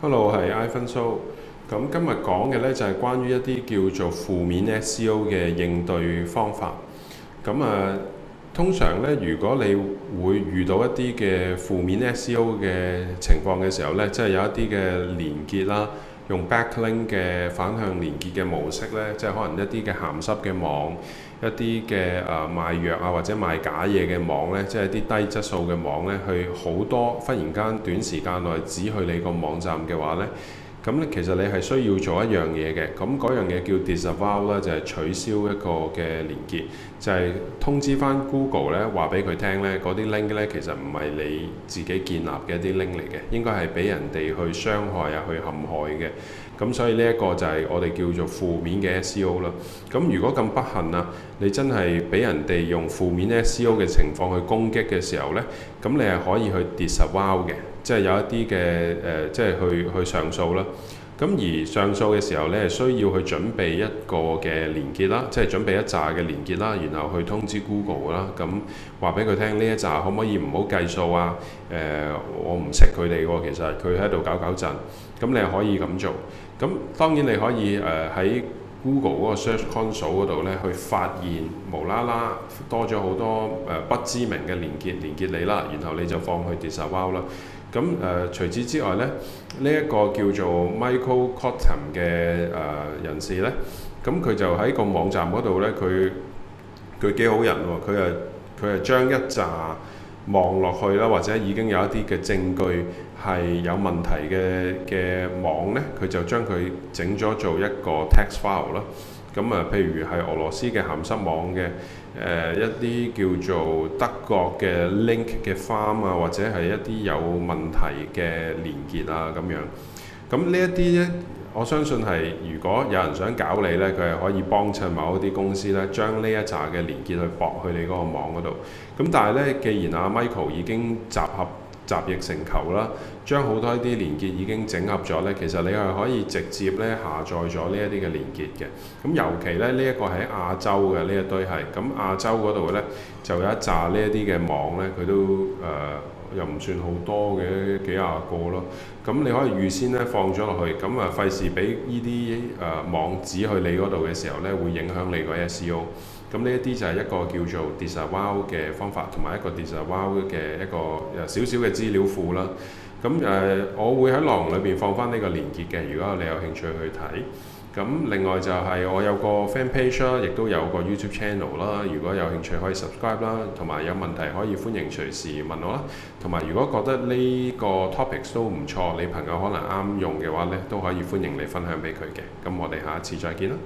Hello，我係 Ivan So。咁今日講嘅呢就係關於一啲叫做負面 SEO 嘅應對方法。咁啊，通常呢，如果你會遇到一啲嘅負面 SEO 嘅情況嘅時候呢，即係有一啲嘅連結啦。用 backlink 嘅反向連結嘅模式呢，即係可能一啲嘅鹹濕嘅網，一啲嘅誒賣藥啊或者賣假嘢嘅網呢，即係啲低質素嘅網呢，去好多忽然間短時間內指去你個網站嘅話呢。咁咧，其實你係需要做一樣嘢嘅，咁嗰樣嘢叫 disavow 咧，就係取消一個嘅連結，就係、是、通知翻 Google 咧，話俾佢聽咧，嗰啲 link 咧其實唔係你自己建立嘅一啲 link 嚟嘅，應該係俾人哋去傷害啊，去陷害嘅。咁所以呢一個就係我哋叫做負面嘅 SEO 啦。咁如果咁不幸啊，你真係俾人哋用負面 SEO 嘅情況去攻擊嘅時候呢，咁你係可以去 disavow 嘅，即係有一啲嘅誒，即係去去上訴啦。咁而上訴嘅時候你係需要去準備一個嘅連結啦，即係準備一紮嘅連結啦，然後去通知 Google 啦、嗯。咁話俾佢聽，呢一紮可唔可以唔好計數啊？誒、呃，我唔識佢哋喎，其實佢喺度搞搞震，咁、嗯、你可以咁做。咁、嗯、當然你可以誒喺、呃、Google 嗰個 Search Console 嗰度咧，去發現無啦啦多咗好多誒、呃、不知名嘅連結連結你啦，然後你就放去 disavow 啦。咁誒、呃，除此之外咧，呢、這、一個叫做 Michael Cotton 嘅誒、呃、人士咧，咁佢就喺個網站嗰度咧，佢佢幾好人喎，佢係佢係將一扎。望落去啦，或者已經有一啲嘅證據係有問題嘅嘅網呢，佢就將佢整咗做一個 text file 啦。咁啊，譬如係俄羅斯嘅鹹濕網嘅，誒、呃、一啲叫做德國嘅 link 嘅 farm 啊，或者係一啲有問題嘅連結啊，咁樣。咁呢一啲呢。我相信係，如果有人想搞你咧，佢係可以幫襯某一啲公司咧，將呢一扎嘅連結去駁去你嗰個網嗰度。咁但係咧，既然阿 Michael 已經集合。集腋成裘啦，將好多一啲連結已經整合咗呢。其實你係可以直接呢下載咗呢一啲嘅連結嘅。咁尤其咧呢一、這個喺亞洲嘅呢一堆係，咁、嗯、亞洲嗰度呢，就有一紮呢一啲嘅網呢，佢都誒、呃、又唔算好多嘅幾廿個咯。咁、嗯、你可以預先呢放咗落去，咁啊費事俾呢啲誒網址去你嗰度嘅時候呢，會影響你個 SEO。咁呢一啲就係一個叫做 disavow 嘅方法，同埋一個 disavow 嘅一個誒少少嘅資料庫啦。咁誒、呃，我會喺內容裏邊放翻呢個連結嘅，如果你有興趣去睇。咁另外就係我有個 Fanpage 啦，亦都有個 YouTube Channel 啦。如果有興趣可以 subscribe 啦，同埋有問題可以歡迎隨時問我啦。同埋如果覺得呢個 topics 都唔錯，你朋友可能啱用嘅話呢，都可以歡迎你分享俾佢嘅。咁我哋下一次再見啦。